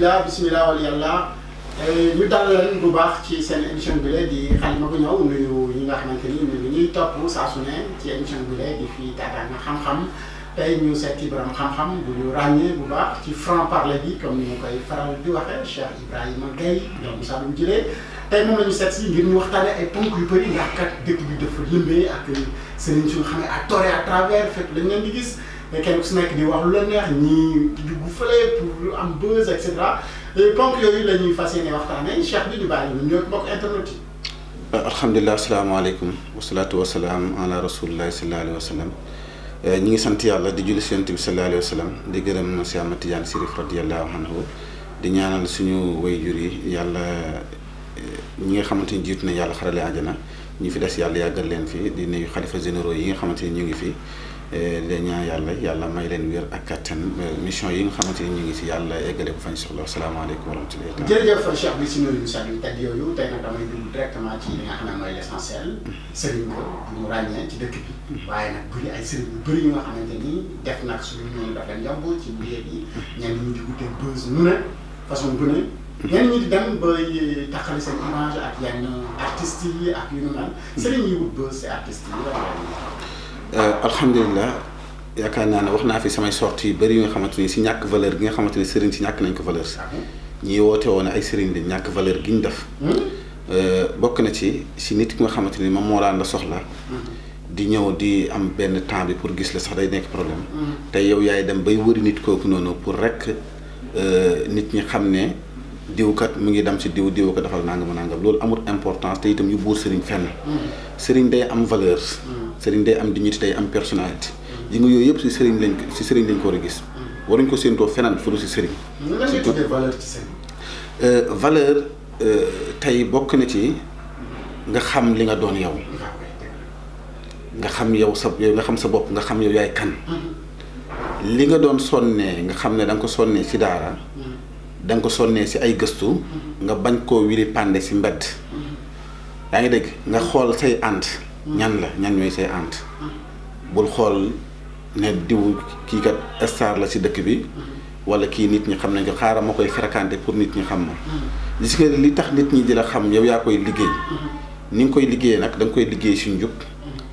alhamdulilah bisimilah wala yàlla eh, ñu dalal leen bu baax ci seen émission bi la di xalima bu ñëw nuyu ñi nga xamante ni ñu ngi ñuy topp saa ci émission bi la di fii taataan na xam-xam tey ñu seeti borom xam-xam bu ñu ràññee bu baax ci franc parler bi comme ni ñu koy faral di waxee Cheikh Ibrahima Guèye doomu Saloum Jilé tey moom la ñu seet si ngir ñu waxtaanee ay ponk yu bëri ndax kat dëkk bi dafa lëmbee ak sëriñ suñu xamee à tort et travers fekk dañ leen di gis. mais kenn ku wax lu la neex ñii di dugg fële pour am buzz et cetera ponk yooyu la ñuy fas yéene waxtaanee cheikh bi di bàyyi ñun ñoo bokk internet yi. Euh, alhamdulilah asalaamaaleykum euh, ngi sant yàlla di julli sant bi sallallahu alayhi wa sallam di gërëm si Ahmad Tidiane Sirif radiyallahu anhu di ñaanal suñu wayjur yi yàlla euh, ñi nga xamante ni jiitu na yàlla xarale àjjana ñu fi des yàlla yàggal leen fi di nuyu xalifa généraux yi nga xamante ni ñu ngi fi. Eh, day ñaan yàlla yàlla may leen wér ak kattan eh, mission yi nga xamante ni ñu ngi si yàlla eggale ko fañ soxla salaamaaleykum wa rahmatulah. jërëjëf Cheikh bi si nuyu Moussa Diouf teg yooyu tey nag damay directement ci nga xam ne mooy l' essentiel. sëriñ ñu ràññee ci dëkk bi. Mm-hmm. waaye nag bëri daf leen yomb ci milieu bi. Mm-hmm. ñenn ñi di guddee buzz nu ne façon bu ne. Mm-hmm. ñenn di dem ba taxali seen image ak yenn artistes yi ak yu ñu naan. sëriñ yi wut buzz si artistes yi la alhamdulilah yaakaar naa ne wax naa fi samay sorties yu bëri yi nga xamante ni si ñàkk valeur gi nga xamante ni sëriñ si ñàkk nañ ko valeur sax ñi woote woon ay sëriñ lañ ñàkk valeur gi ñu def. Euh, bokk na ci si nit ki nga xamante ni moom moo daan la soxla. di ñëw di am benn temps bi pour gis la sax day nekk problème. Mm. te yow yaay dem bay wëri nit kooku noonu pour rek euh, nit ñi xam ne. diw kat mu ngi dem si diw diw ko defal nangam nangam loolu amul importance te itam yu buur sëriñ fenn mm. sëriñ day am valeur mm. sëriñ day am dignité day am personnalité yi nga yooyu yëpp si sëriñ lañ si sëriñ lañ ko war a gis mm. waruñ ko séentoo feneen fu dul si sëriñ valeur euh, euh, tey bokk na ci nga xam li nga doon yow nga xam yow sa nga xam sa bopp nga xam yow yaay kan li nga doon sonnee nga xam ne da ko sonnee si daara danga nga ko sonnee si ay gëstu. Mm-hmm. nga bañ koo wili pande si mbedd. Mm-hmm. yaa ngi dégg nga xool say ànd. Mm-hmm. ñan la ñan ñooy say ànd. bul xool ne diw kii kat star la si dëkk bi. wala kii nit ñi xam nañ ko xaaral ma koy fréquenté pour nit ñi xam ma. gis nga li tax nit ñi di la xam yow yaa koy liggéey. ni nga koy liggéeyee nag danga koy liggéey si njub.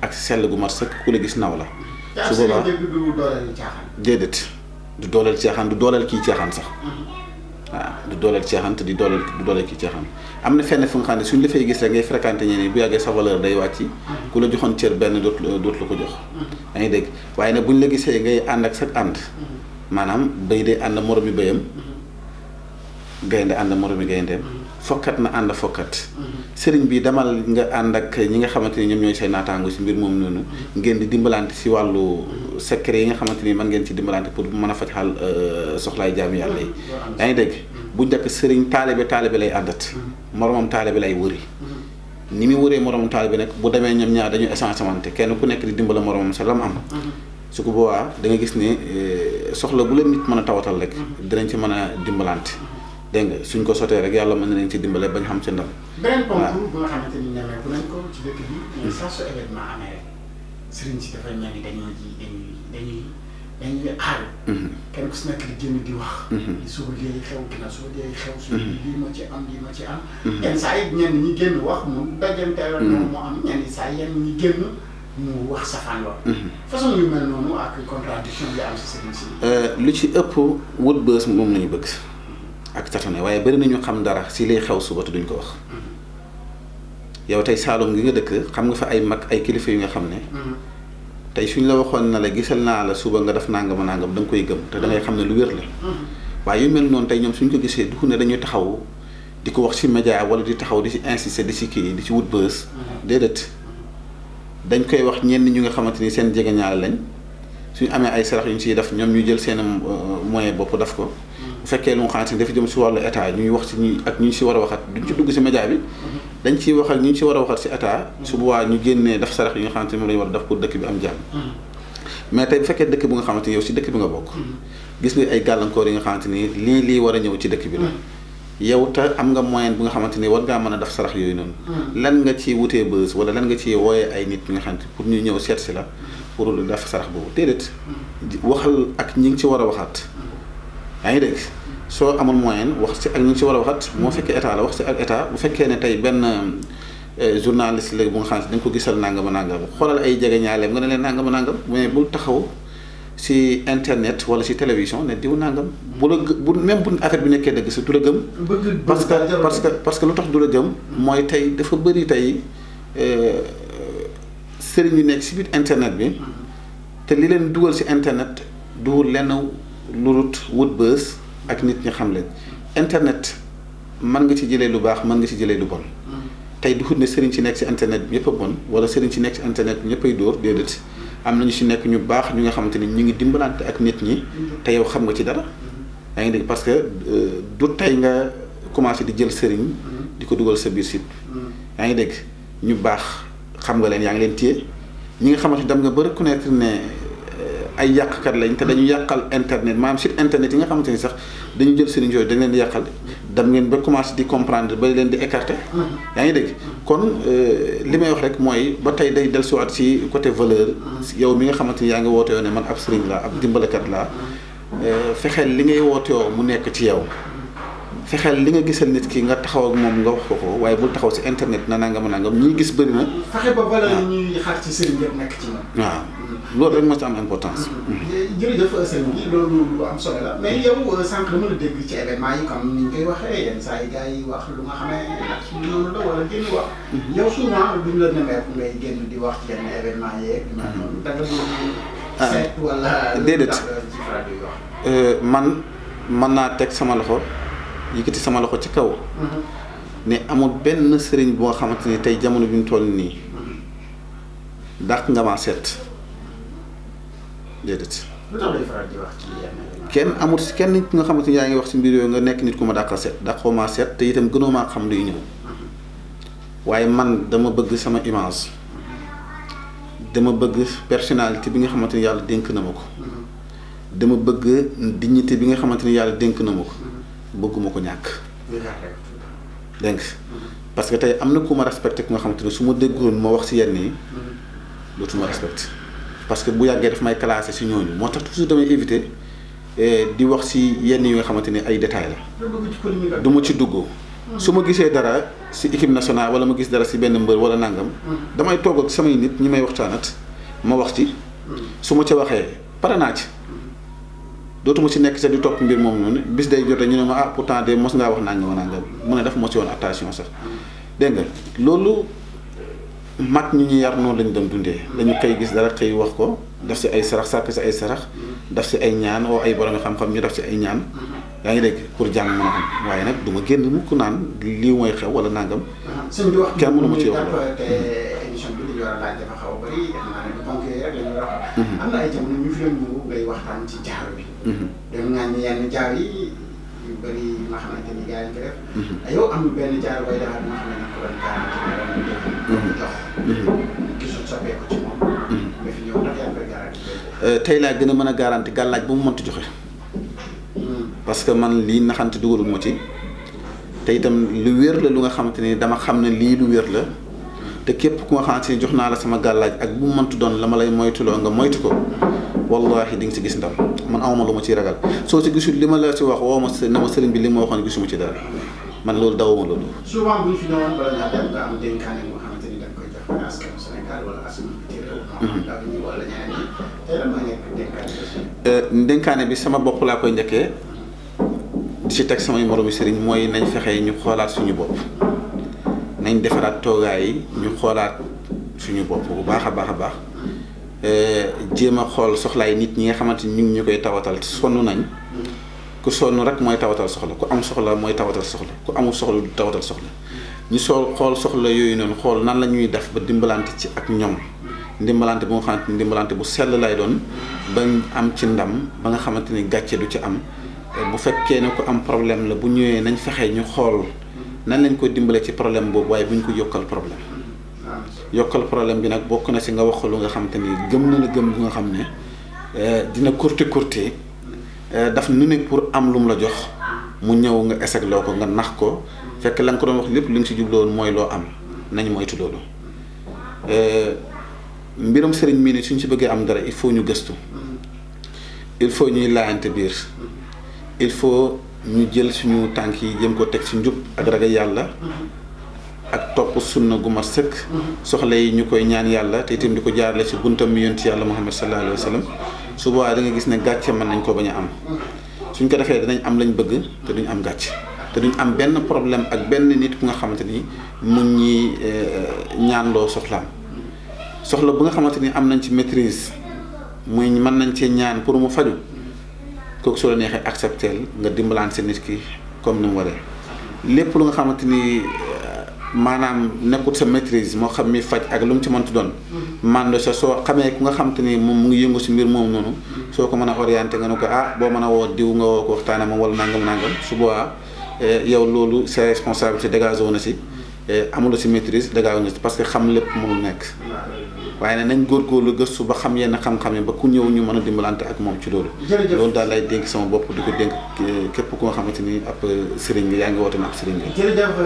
ak si sell gu mat sëkk ku la gis naw la. su boobaa déedéet du dooleel caaxaan du dooleel ci caaxaan sax. waaw du dooleel caaxaan te di dooleel du dooleel ki ceexam am na fenn fu nga xam ne suñ la gis rek ngay fréquenté ñeneen bu yàggee sa valeur day wàcc ku la joxoon cër benn doot dootu la ko jox yaa ngi dégg waaye nag bu ñu la gisee ngay ànd ak sa ànd maanaam bay day ànd moromi bayam gaynde ànd moromi gayndeem fokkat na ànd fokkat sëriñ bi demal nga ànd ak ñi nga xamante ni ñoom ñooy say naataango si mbir moom noonu ngeen di dimbalante si wàllu secret yi nga xamante ni man ngeen ci dimbalante pour mën a faj xal euh, soxlaay jaami yàlla yi yaa ngi dégg bu njëkk sëriñ taalibe taalibe lay àndat moromam taalibe lay wëri ni mu wëree moromam taalibe nag bu demee ñoom ñaar dañu essencementé kenn ku nekk di dimbala moromam sa am su ko boobaa da nga gis ne euh, soxla bu la mën a tawatal rek dinañ ci mën a dimbalante dégg nga suñ ko sotee rek yàlla mën na leen ci dimbale bañ xam ci ndam. beneen ponk bu nga xamante ni ñemeeku nañ ko ci dëkk bi. mais saa su événement amee rek sëriñ si dafay mel ni dañoo ji dañuy dañuy dañuy xaar. Mhm. kenn ku si nekk di génn di wax. Mhm. suba léegi xew ginnaaw suba léegi xew. suba mhm. lii ma ci am lii ma ci am. yenn saa yi ñenn ñi génn wax mu dajanteeloon. moom moo am ñenn saa yenn ñi génn. mu wax safaan lool. façon yu mel noonu ak contradiction yi am si sëriñ euh, si. lu ci ëpp wut bës moom la ñu bëgg. ak tatane waaye bari nañu xam dara si liy xew suba te duñ ko wax yow tey Saalum gi nga dëkk xam nga fa ay mag ay kilifa yu nga xam ne tey suñ la waxoon na la gisal naa la suba nga def nangam nangam da nga koy gëm te da xam ne lu wér la waaye yu mel noonu tey ñoom suñ ko gisee du ne dañuy taxaw di ko wax si média wala di taxaw di si insister di si kii di si wut bës déedéet dañ koy wax ñenn ñu nga xamante ni seen jegeñaale lañ suñu amee ay sarax yu ñu siy def ñu jël seen euh, moyen bopp daf ko fekkee lu nga xamante ni dafa jëm si wàllu état ñuy wax si ñi ak ñu si a waxat dugg si média bi dañ ciy wax ak ñu si a si état su boobaa ñu génnee daf sarax yi a def pour dëkk mais tey bu fekkee dëkk bi nga xamante ni yow si bi nga bokk gis nga ay gàllankoor yi nga xamante ni lii lii war a ñëw ci dëkk bi yow te am nga moyen bi nga xamante ni war ngaa mën a def sarax yooyu noonu lan nga ci wutee bës wala lan nga ci wooyee ay nit ñu nga xamante pour ñu ñëw seet si la pour def sarax boobu déedéet waxal ak ñi ngi ci war a waxaat yaa ngi dégg soo amul moyen wax si ak ñu si war a waxat moo fekkee état la wax si ak état bu fekkee ne tey benn euh, journaliste léegi bu nga xam ne dañ ko gisal nangam nangam xoolal ay jege ñaaleem nga ne leen nangam nangam mais bul taxaw si internet wala si télévision ne diw nangam bu la bu même bu affaire bi nekkee dëgg si du la parce que parce que parce que lu tax du la mooy tey dafa bëri tey euh, sëriñ yu nekk si biir internet bi mm-hmm. te li leen dugal si internet duwul lenn lu rut wut bës. ak nit ñi xam leen internet mën nga ci jëlee lu baax mën nga ci jëlee lu bon. Mm. tey du xut ne sëriñ si nekk si internet bi ñëpp a bon wala sëriñ ci nekk si internet bi ñëpp ay dóor déedéet am nañu si nekk ñu baax ñu nga xamante ni ñu ngi dimbalante ak nit ñi. Mm. te yow xam nga ci dara. Mm. yaa ngi dégg parce que euh, du tey nga commencé di jël sëriñ. di ko dugal sa biir site. yaa ngi dégg ñu baax xam nga leen yaa ngi leen téye ñi nga xamante dem nga ba reconnaître ne. ay yàqkat lañ te dañu yàqal internet maanaam site internet yi nga xamante ni sax dañu jël sëriñ yooyu dañ leen di yàqal dem ngeen ba commencé di comprendre ba leen di écarter. yaa ngi dégg kon euh, li may wax rek mooy ba tey day dellusiwaat si côté valeur. yow mi nga xamante ni yaa ngi woote ne man ab sëriñ laa ab dimbalekat laa euh, fexeel li ngay woote yoo mu nekk ci yow. fexeel li nga gisal nit ki nga taxaw ak moom nga wax ko ko waaye bul taxaw si internet na nangam nangam ñuy gis bëri na. fexe ba valeur ñuy xaar ci sëriñ yëpp nekk ci ñoom. waaw loolu rek moo ci am importance. Mm-hmm. jërëjëf sëriñ bi loolu lu am solo la mais yow euh, sànq dama la dégg ci événement yi comme ni ñu koy waxee yenn saa yi gars yi wax lu nga xamee ndax noonu la wala génn wax. Mm-hmm. yow souvent duñ la nemeeku ngay génn di wax ci yenn événement yeeg. Mm-hmm. danga doon ah. seet wala. déedéet euh, man mën naa teg sama loxo. yëkkati sama loxo ci kaw. ne amul benn sëriñ boo xamante ni tey jamono bi ñu toll nii dàq nga maa set déedéet. kenn amul si kenn nit nga xamante ni yaa ngi wax si mbir yooyu nga nekk nit ku ma dàqa seet dàqoo maa seet te itam gënoo maa xam luy ñëw waaye man dama bëgg sama image dama bëgg personnalité bi nga xamante ni yàlla dénk na ma ko dama bëgg dignité bi nga xamante ni yàlla dénk na ma ko. bëgguma ko ñàkk. dégg nga parce que tey am na ku ma respecté ku nga xamante ne su ma déggoon ma wax si yenn yi suma respecté parce que bu yàggee daf may classé si ñooñu moo tax toujours damay éviter eh, di wax si yenn yi nga xamante ne ay détails la. du ma ci duggoo. su ma gisee dara si équipe nationale wala ma gis dara si benn mbër wala nangam. damay toog ak samay nit ñi may wax waxtaanat ma wax ci. su ma ci waxee pare naa ci. dootuma si nekk sax di topp mbir moom bis day jotee ñu ne ma ah, de mos ngaa wax naa a def mos yoon attention loolu mag ñu ñu yar lañu dem dundee dañu koy gis dara xëy wax ko daf si ay sarax sàkk ay sarax daf si ay ñaan oo ay borom xam-xam ñu daf si ay ñaan yaa ngi dégg pour jàng mën a am waaye nag du ma génn mukk naan lii mooy xew wala nangam. sëñ bi wax kenn mënu ma ci wax émission bi li ñu war a laaj Mm-hmm. dem naa ñu yenn jaar yi yu bëri yi mm-hmm. ah, mm-hmm. ñëw euh, tey laa gën a mën a garanti gàllaaj bu mu mënti joxe. Mm. parce que man lii naxante dugaluma ci te itam lu wér la lu nga xamante ni dama xam ne lii lu wér la te képp ku nga xamante ni jox naa la sama gàllaaj ak bu mu mënti doon la ma lay moytuloo nga moytu ko. wallahi di nga si gis ndam man amuma lu ma ciy ragal soo si gisul li ma la si wax woo ma na ma sëriñ bi li ma waxoon gisuma ci dara man loolu dawuma loolu. souvent bu ñu mhm. euh, bi sama bopp laa koy njëkkee di ci teg samay moromu sëriñ mooy nañ fexe ñu xoolaat suñu bopp nañ defaraat toogaay yi ñu xoolaat suñu bopp bu baax a baax a baax. Euh, jéem a xool soxlaay nit ñi nga xamante ni ñu ngi ñu koy tawatal sonn nañ ku sonn rek mooy tawatal soxla ku am soxla mooy tawatal soxla ku amul soxla du tawatal soxla ñu soo xool soxla yooyu noonu xool nan la ñuy def ba dimbalante ci ak ñoom ndimbalante bu nga xamante ni ndimbalante bu sell lay doon ba am ci ndam ba nga xamante ni gàcce du ci am bu fekkee ne ko am problème la bu ñëwee nañ fexee ñu xool nan lañ ko dimbale ci problème boobu waaye bu ñu ko yokkal problème yokkal problème bi nag bokk na si nga wax lu nga xam te ni gëm na la gëm lu nga xam ne euh, dina courte courte euh, daf nu ne pour am lu mu la jox mu ñëw nga eseg loo ko nga nax ko fekk la nga ko doon wax lépp li nga si jubloon mooy loo am nañ moytu loolu euh, mbiram sëriñ mii ni suñ si bëggee am dara il faut ñu gëstu il faut ñuy laayante biir il faut ñu jël suñu tànk yi jëm ko teg ci njub ak ragal yàlla ak topp sunna gu mat sëkk soxla yi ñu koy ñaan yàlla te itam di ko jaarale ci buntam mi yonti yàlla muhammad sallallahu alayhi wa sallam su boobaa da nga gis ne gàcce mën nañ ko bañ a am suñ ko defee danañ am lañ bëgg te duñ am gàcce te duñ am benn problème ak benn nit ku nga xamante ni mun ñi euh, ñaanloo soxlaam soxla bu nga xamante ni am nañ ci maîtrise muy mën nañ cee ñaan pour mu faju kooku soo la neexee accepteel nga dimbalaan sa nit ki comme ni mu waree maanaam nekkut sa maîtrise moo xam mi faj ak lu mu ci mënti doon. mando mm-hmm. sa soo xamee ku nga xam te ni moom mu ngi yëngu si mbir moom noonu. Mm-hmm. soo ko mën a orienté nga ne ko ah boo mën a woo diw nga woo ko waxtaanee moom wala nangam nangam mm-hmm. su boobaa eh, yow loolu sa responsabilité dégagé wu na si eh, amuloo si maîtrise dégagé wu si parce que xam lépp mu nekk. waaye ne nañ góorgóorlu gëstu ba xam yenn xam-xam yi ba ku ñëw ñu mën a dimbalante ak moom ci loolu loolu daal lay dénk sama bopp di ko dénk képp ku nga xamante ni ab sëriñ yaa ngi woote na ab sëriñ bi jërëjëf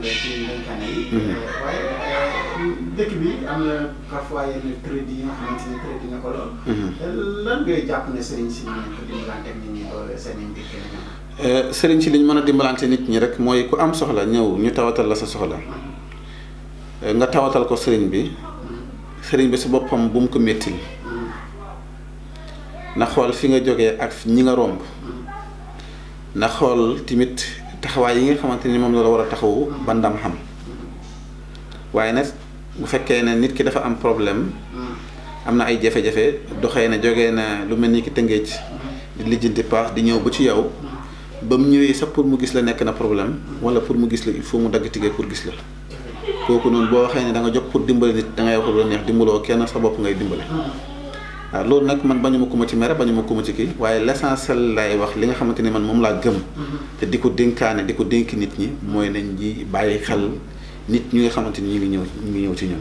Cheikh hmm. Manga dëkk bi am na parfois yenn crédit sëriñ si ñu liñ mën a dimbalante nit ñi rek mooy ku am soxla ñëw ñu tawatal la sa soxla mhm. euh, nga tawatal ko sëriñ bi mhm. sëriñ bi su boppam bu mu ko metti mhm. na xool fi nga jógee ak ñi nga romb na xool tamit taxawaay yi nga xamante ni moom la war a taxawu ba xam waaye nag bu fekkee ne nit ki dafa am problème mm. am na ay jafe-jafe doxee na jógee na lu mel ni ki tëngéej di lijjanti paas di ñëw ba ci yow mm. ba mu ñëwee sax pour mu gis la nekk na problème mm. wala pour mu gis la il faut mu dagg tigee pour gis la kooku noonu boo waxee ne da nga jóg pour dimbale nit da ngay wax lu neex dimbaloo kenn sa bopp ngay dimbale waaw ah, loolu nag man bañu ma ko ma ci mere bañu ma ma ci kii waaye l'essentiel lay wax li nga xamante ni man moom laa gëm mm-hmm. te di ko dénkaane di ko dénk nit ñi mooy nañ ji bàyyi xel nit ñi nga xamante ni ñu ngi ñëw ñu ngi ñëw ci ñun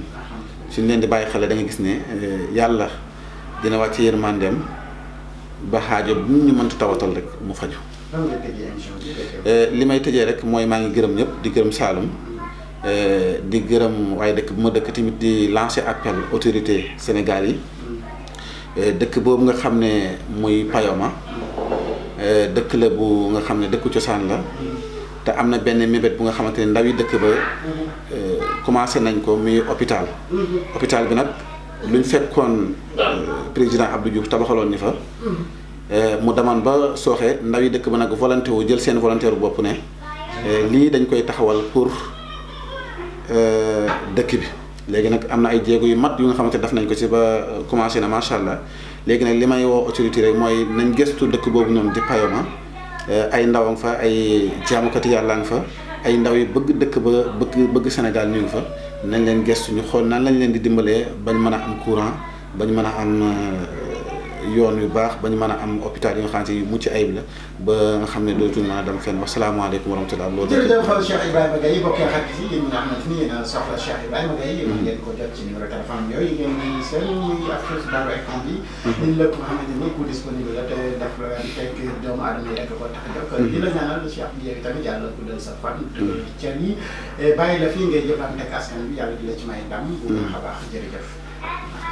suñ leen di bàyyi xel da nga gis ne euh, yàlla dina wàcc yërmandeem ba xaajo bu ñu mëntu tawatal rek mu faju euh, li may tëjee rek mooy maa ngi gërëm ñëpp di gërëm Saalum euh, di gërëm waaye dëkk bu ma dëkk tamit di lancer appel autorité Sénégal yi dëkk boobu nga xam ne muy Payoma dëkk la bu nga xam ne dëkku cosaan la te am na benn mébét bu nga xamante ne ndaw yi dëkk ba commencé nañ ko muy hôpital. Mm-hmm. hôpital bi nag luñ fekkoon euh, président Abdou Diouf tabaxaloon ni fa. Mm-hmm. Euh, mu demoon ba sooxee ndaw yi dëkk ba nag volonté wu jël seen volontaire bopp ne euh, lii dañ koy taxawal pour dëkk bi. léegi nag am na ay jéego yu mat yu nga xamante daf nañ ko ci ba commencé na macha allah léegi nag li may woo autorité rek mooy nañ gëstu dëkk boobu noonu di Payoma ay ndawam fa ay jaamukati yàlla nga fa. ay ndaw yi bëgg dëkk ba bëgg bëgg Sénégal ñu fa nañ leen gestu ñu xool nan lañ leen di dimbalee bañ mën a am courant bañ mën a am. Euh, yoon yu baax ba ñu mën a am hôpital yi nga yu mucc ayib la ba nga xam ne dootul mën a dem fenn wasalaamaaleykum wa rahmatulah. loolu jërëjëf Cheikh Ibrahima Gaye bokk xarit yi yéen ñi nga a soxla Cheikh Ibrahima ko jot ci numéro téléphone yooyu ngeen di seen muy ak xeetu baaru écran bi ñun mhm. lépp nga xamante ni ku disponible yi rek ko tax a jóg mhm. mhm. yi eh, bàyyi la fii ngay jëflante askan bi yàlla di ci may ndam bu baax a baax jërëjëf